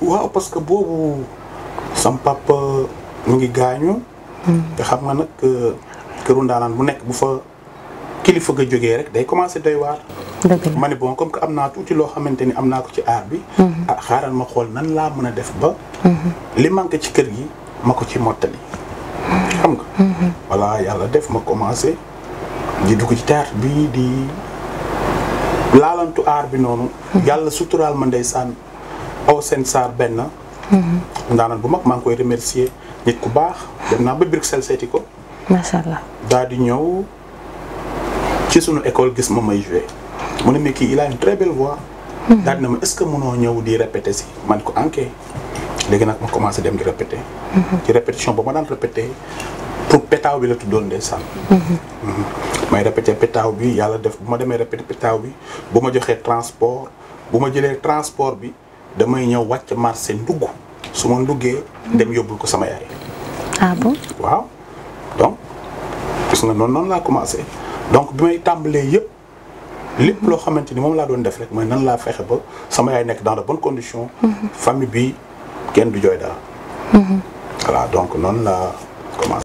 waaw parce que boobu sam papa mu ngi gaañu. Hmm. te xam nga nag euh, këru ndaanaan bu nekk bu fa kilifa ga jógee rek day commencé doy waar. ma ne bon comme que am naa tuuti loo xamante ni am naa ko ci aar bi. Hmm. Ah, xaaral ma xool nan laa mën a def ba. Hmm. li manqué ci kër gi ma ko ci mottali. xam nga. voilà yàlla def ma commencé di dugg ci théâtre bi di laalantu aar bi noonu. yàlla suturaal ma ndeysaan aw seen saar benn mhm. ndaanaan bu mag maa ngi koy remercier nit ku baax dem naa ba Bruxelles seeti ko macha allah daal di ñëw ci sunu école gis ma may joué mhm. ma est que mënoo ñëw di répété si man ko anke ah, léegi nag ma commencé dem di répété mhm. ci répétition ba ma daan répété pour pétaaw bi la tuddoon ndeysaan may répété pétaaw bi yàlla def bu ma demee répété pétaaw bi bu ma joxee transport bu ma jëlee transport bi damay ñëw wàcc marché ndugg su ma nduggee dem yóbbul ko sama yaay. ah bon waaw donc gis nga noonu laa commencé donc bi may tàmbalee yëpp lépp loo xamante ni moom laa doon def rek mooy nan laa fexe ba sama yaay nekk dans de bonnes conditions. Mhm. bi kenn du jooy dara. Mhm. voilà donc noonu laa.